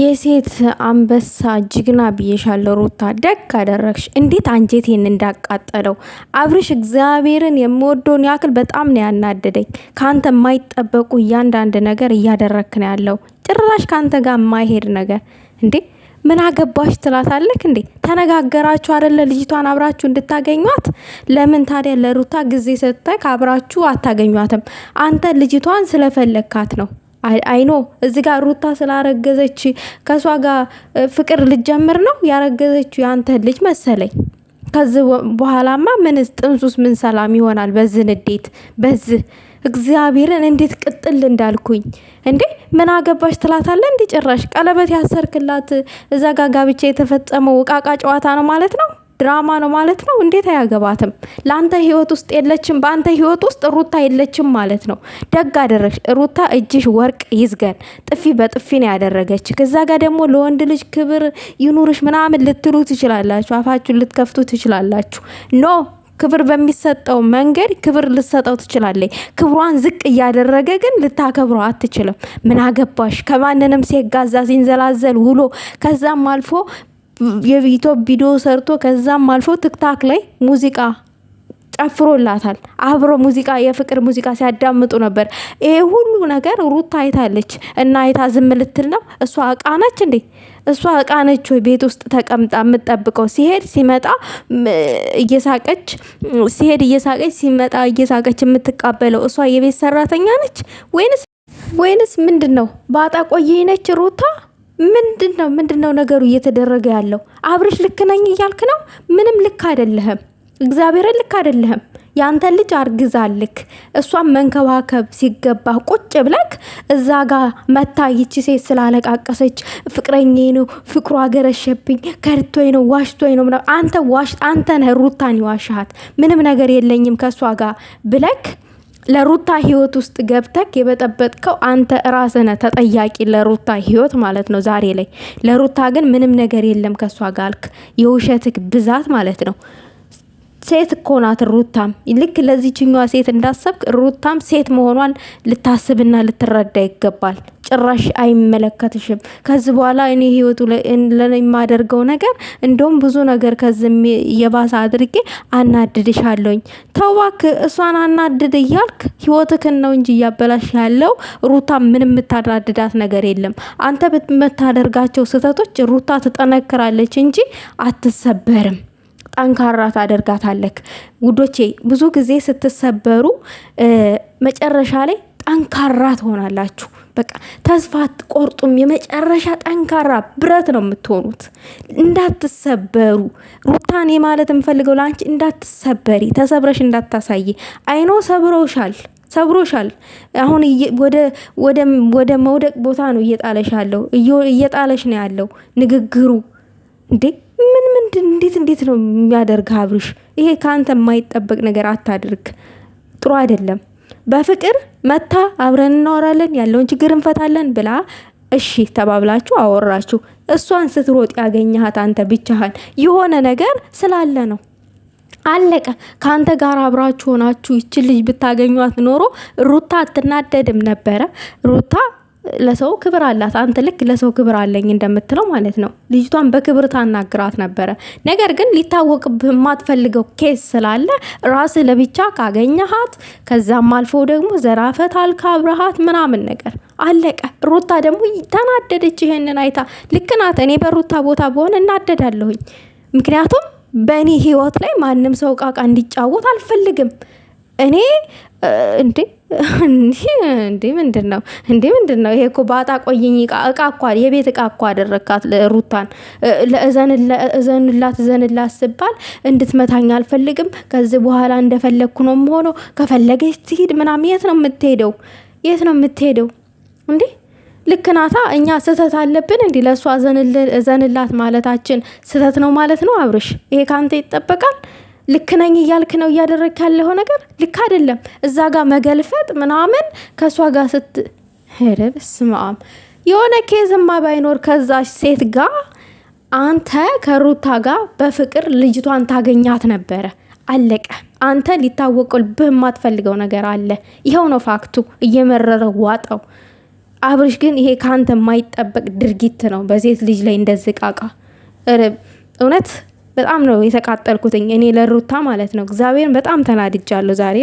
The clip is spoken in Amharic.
የሴት አንበሳ ጅግና ብዬሻለሁ ሩታ፣ ደግ አደረግሽ። እንዴት አንጀቴን እንዳቃጠለው አብርሽ፣ እግዚአብሔርን የምወደውን ያክል በጣም ነው ያናደደኝ። ከአንተ የማይጠበቁ እያንዳንድ ነገር እያደረክ ነው ያለው። ጭራሽ ከአንተ ጋር የማይሄድ ነገር እንዴ! ምን አገባሽ ትላታለክ እንዴ? ተነጋገራችሁ አደለ? ልጅቷን አብራችሁ እንድታገኟት ለምን ታዲያ ለሩታ ጊዜ ሰጥተክ አብራችሁ አታገኟትም? አንተ ልጅቷን ስለፈለግካት ነው። አይኖ እዚ ጋር ሩታ ስላረገዘች ከሷ ጋር ፍቅር ልጀምር ነው ያረገዘችው ያንተ ልጅ መሰለኝ። ከዚህ በኋላማ ምንስ ጥንሱስ ምን ሰላም ይሆናል? በዚህ ንዴት በዚህ እግዚአብሔርን እንዴት ቅጥል እንዳልኩኝ እንዴ! ምን አገባሽ ትላታለ እንዲ ጭራሽ ቀለበት ያሰርክላት እዛ ጋ ጋብቻ የተፈጸመው እቃቃ ጨዋታ ነው ማለት ነው። ድራማ ነው ማለት ነው። እንዴት አያገባትም? ለአንተ ህይወት ውስጥ የለችም፣ በአንተ ህይወት ውስጥ ሩታ የለችም ማለት ነው። ደግ አደረግሽ ሩታ፣ እጅሽ ወርቅ ይዝገን። ጥፊ በጥፊ ነው ያደረገች። ከዛ ጋር ደግሞ ለወንድ ልጅ ክብር ይኑርሽ ምናምን ልትሉ ትችላላችሁ፣ አፋችሁን ልትከፍቱ ትችላላችሁ። ኖ ክብር በሚሰጠው መንገድ ክብር ልትሰጠው ትችላለች። ክብሯን ዝቅ እያደረገ ግን ልታከብረው አትችልም። ምን አገባሽ? ከማንንም ሴት ጋዛ ሲንዘላዘል ውሎ ከዛም አልፎ የዩቲዩብ ቪዲዮ ሰርቶ ከዛም አልፎ ትክታክ ላይ ሙዚቃ ጨፍሮላታል። አብሮ ሙዚቃ የፍቅር ሙዚቃ ሲያዳምጡ ነበር። ይሄ ሁሉ ነገር ሩታ አይታለች እና አይታ ዝም ልትል ነው? እሷ እቃ ነች እንዴ? እሷ እቃ ነች ወይ? ቤት ውስጥ ተቀምጣ የምትጠብቀው ሲሄድ ሲመጣ እየሳቀች ሲሄድ እየሳቀች ሲመጣ እየሳቀች የምትቃበለው እሷ የቤት ሰራተኛ ነች ወይንስ ወይንስ ምንድን ነው? ባጣ ነች ሩታ? ምንድን ነው ምንድን ነው ነገሩ እየተደረገ ያለው? አብርሽ ልክ ነኝ እያልክ ነው? ምንም ልክ አይደለህም። እግዚአብሔርን ልክ አይደለህም። ያንተ ልጅ አርግዛልክ እሷን መንከባከብ ሲገባ ቁጭ ብለክ እዛ ጋ መታ ይቺ ሴት ስላለቃቀሰች ፍቅረኛ ነው ፍቅሩ አገረሸብኝ ከድቶኝ ነው ዋሽቶኝ ነው አንተ ዋሽ አንተ ነህ ሩታን ይዋሻሃት ምንም ነገር የለኝም ከእሷ ጋር ብለክ ለሩታ ህይወት ውስጥ ገብተክ የበጠበጥከው አንተ ራስነ ተጠያቂ ለሩታ ህይወት ማለት ነው። ዛሬ ላይ ለሩታ ግን ምንም ነገር የለም ከሷ ጋር የውሸትክ ብዛት ማለት ነው። ሴት እኮ ናት ሩታም። ልክ ለዚህችኛዋ ሴት እንዳሰብክ ሩታም ሴት መሆኗን ልታስብና ልትረዳ ይገባል። ጭራሽ አይመለከትሽም። ከዚህ በኋላ እኔ ህይወቱ የማደርገው ነገር እንደውም ብዙ ነገር ከዚህ የባሰ አድርጌ አናድድሻለሁኝ። ተው እባክህ እሷን አናድድ እያልክ ህይወትክን ነው እንጂ እያበላሽ ያለው ሩታ ምን የምታናድዳት ነገር የለም። አንተ በምታደርጋቸው ስህተቶች ሩታ ትጠነክራለች እንጂ አትሰበርም። ጠንካራ ታደርጋታለክ። ውዶቼ ብዙ ጊዜ ስትሰበሩ መጨረሻ ላይ ጠንካራ ትሆናላችሁ። በቃ ተስፋ አትቆርጡም። የመጨረሻ ጠንካራ ብረት ነው የምትሆኑት። እንዳትሰበሩ ሩታኔ ማለት የምፈልገው ለአንቺ እንዳትሰበሪ፣ ተሰብረሽ እንዳታሳይ። አይኖ ሰብሮሻል ሰብሮሻል አሁን ወደ መውደቅ ቦታ ነው እየጣለሽ ያለው እየጣለሽ ነው ያለው ንግግሩ። እንዴ ምን ምንድን እንዴት እንዴት ነው የሚያደርግ አብርሽ? ይሄ ከአንተ የማይጠበቅ ነገር አታድርግ፣ ጥሩ አይደለም። በፍቅር መታ አብረን እናወራለን፣ ያለውን ችግር እንፈታለን ብላ እሺ ተባብላችሁ አወራችሁ። እሷን ስትሮጥ ያገኘሃት አንተ ብቻህን የሆነ ነገር ስላለ ነው። አለቀ። ከአንተ ጋር አብራችሁ ሆናችሁ ይችን ልጅ ብታገኟት ኖሮ ሩታ አትናደድም ነበረ ሩታ ለሰው ክብር አላት። አንተ ልክ ለሰው ክብር አለኝ እንደምትለው ማለት ነው። ልጅቷን በክብር ታናግራት ነበረ። ነገር ግን ሊታወቅብህ የማትፈልገው ኬስ ስላለ ራስ ለብቻ ካገኘሃት፣ ከዛም አልፎ ደግሞ ዘራፈት አልካብረሃት ምናምን ነገር አለቀ። ሩታ ደግሞ ተናደደች። ይሄንን አይታ ልክ ናት። እኔ በሩታ ቦታ በሆነ እናደዳለሁኝ። ምክንያቱም በእኔ ህይወት ላይ ማንም ሰው ቃቃ እንዲጫወት አልፈልግም። እኔ እንዴ እንዴ ምንድን ነው እንዴ ምንድን ነው ይሄ እኮ ቆይኝ እቃ እኳ የቤት እቃ እኳ አደረግካት ሩታን ለእዘንላት እዘንላት ስባል እንድትመታኝ አልፈልግም ከዚህ በኋላ እንደፈለግኩ ነው መሆኖ ከፈለገች ትሂድ ምናምን የት ነው የምትሄደው የት ነው የምትሄደው እንዴ ልክ ናታ እኛ ስህተት አለብን እንዲ ለእሷ እዘንላት ማለታችን ስህተት ነው ማለት ነው አብርሽ ይሄ ከአንተ ይጠበቃል ልክነኝ እያልክ ነው እያደረግክ ያለው ነገር ልክ አይደለም። እዛ ጋር መገልፈጥ ምናምን ከእሷ ጋር ስት ሄደ በስመ አብ የሆነ ኬዝማ ባይኖር ከዛ ሴት ጋር አንተ ከሩታ ጋር በፍቅር ልጅቷን ታገኛት ነበረ። አለቀ። አንተ ሊታወቅብህ የማትፈልገው ነገር አለ። ይኸው ነው ፋክቱ። እየመረረ ዋጠው። አብርሽ ግን ይሄ ከአንተ የማይጠበቅ ድርጊት ነው፣ በሴት ልጅ ላይ እንደዝቃቃ እውነት በጣም ነው የተቃጠልኩትኝ እኔ ለሩታ ማለት ነው። እግዚአብሔርን በጣም ተናድጃለሁ ዛሬ